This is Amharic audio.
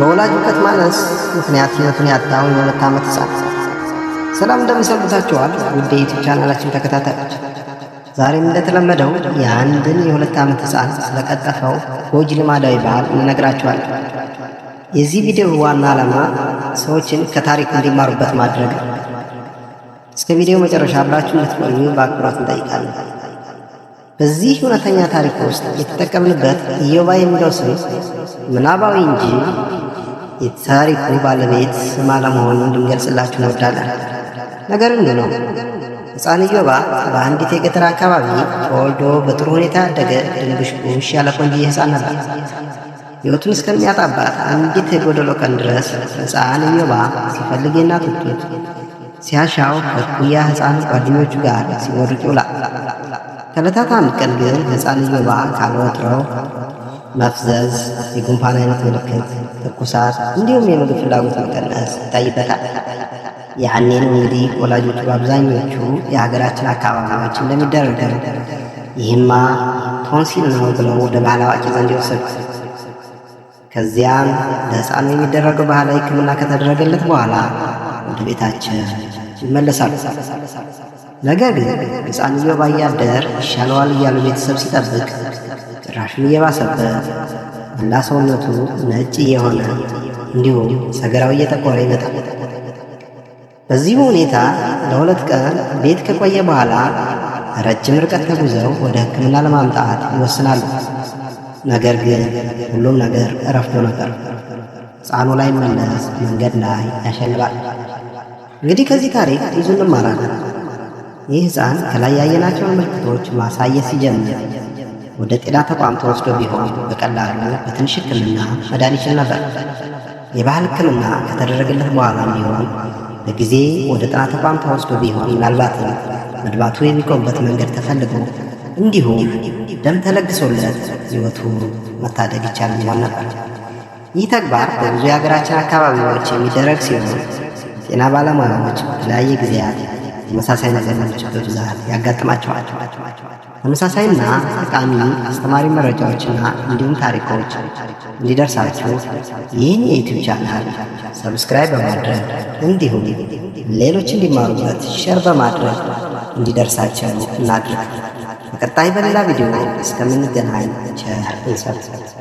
በወላጅ እውቀት ማነስ ምክንያት ሕይወቱን ያጣውን የሁለት ዓመት ህፃን ሰላም እንደምሰንብታችኋል ውድ የዩቲዩብ ቻናላችን ተከታታዮች፣ ዛሬም እንደተለመደው የአንድን የሁለት ዓመት ህፃን ስለቀጠፈው ጎጂ ልማዳዊ ባህል እንነግራችኋለን። የዚህ ቪዲዮ ዋና ዓላማ ሰዎችን ከታሪክ እንዲማሩበት ማድረግ ነው። እስከ ቪዲዮ መጨረሻ አብራችሁ እንድትቆዩ በአክብሮት እንጠይቃለን። በዚህ እውነተኛ ታሪክ ውስጥ የተጠቀምንበት ኢዮባ የሚለው ስም ምናባዊ እንጂ የታሪኩ ባለቤት አለመሆኑን ልንገልጽላችሁ እንወዳለን። ነገር እንዲህ ነው። ሕፃን ኢዮባ በአንዲት የገጠር አካባቢ ተወልዶ በጥሩ ሁኔታ ያደገ ድንቡሽቡሽ ያለ ቆንጆ ሕፃን ነበር። ሕይወቱን እስከሚያጣባት አንዲት የጎደሎ ቀን ድረስ ሕፃን ኢዮባ ሲፈልግ የእናቱ ጡት፣ ሲያሻው ከእኩያ ሕፃን ጓደኞቹ ጋር ሲወርቅ ይውላል። ከዕለታት አንድ ቀን ግን ሕፃን ኢዮባ ካለወትሮው ማፍዘዝ፣ የጉንፋን አይነት ምልክት፣ ትኩሳት እንዲሁም የምግብ ፍላጎት መቀነስ ይታይበታል። ያኔ ነው እንግዲህ ወላጆቹ በአብዛኞቹ የሀገራችን አካባቢዎች እንደሚደረገሩ ይህማ ቶንሲል ነው ብለው ወደ ባህል አዋቂ ዘንድ የወሰዱት። ከዚያም ለሕፃኑ የሚደረገው ባህላዊ ሕክምና ከተደረገለት በኋላ ወደ ቤታችን ይመለሳሉ። ነገር ግን ሕፃንየው ባያደር ይሻለዋል እያሉ ቤተሰብ ሲጠብቅ ጭራሽም እየባሰበት እና ሰውነቱ ነጭ እየሆነ እንዲሁም ሰገራው እየጠቆረ ይመጣል። በዚህም ሁኔታ ለሁለት ቀን ቤት ከቆየ በኋላ ረጅም ርቀት ተጉዘው ወደ ሕክምና ለማምጣት ይወስናሉ። ነገር ግን ሁሉም ነገር ረፍዶ ነበር። ሕፃኑ ላይ መለስ መንገድ ላይ ያሸልባል። እንግዲህ ከዚህ ታሪክ ብዙ እንማራለን። ይህ ሕፃን ከላይ ያየናቸውን ምልክቶች ማሳየት ሲጀምር ወደ ጤና ተቋም ተወስዶ ቢሆን በቀላሉ በትንሽ ሕክምና መዳን ይችል ነበር። የባህል ሕክምና ከተደረገለት በኋላ ቢሆን በጊዜ ወደ ጤና ተቋም ተወስዶ ቢሆን ምናልባትም መድባቱ የሚቆምበት መንገድ ተፈልጎ እንዲሁም ደም ተለግሶለት ሕይወቱ መታደግ ይቻል ይሆን ነበር። ይህ ተግባር በብዙ የሀገራችን አካባቢዎች የሚደረግ ሲሆን ጤና ባለሙያዎች በተለያየ ጊዜያት ተመሳሳይ ነገር መለቻቶች ብዛት ያጋጥማቸዋል። ተመሳሳይና ጠቃሚ አስተማሪ መረጃዎችና እንዲሁም ታሪኮች እንዲደርሳችሁ ይህን የዩቲዩብ ቻናል ሰብስክራይብ በማድረግ እንዲሁም ሌሎች እንዲማሩበት ሸር በማድረግ እንዲደርሳቸው እናድርግ። በቀጣይ በሌላ ቪዲዮ እስከምንገናኝ ቸር እንሰንብት።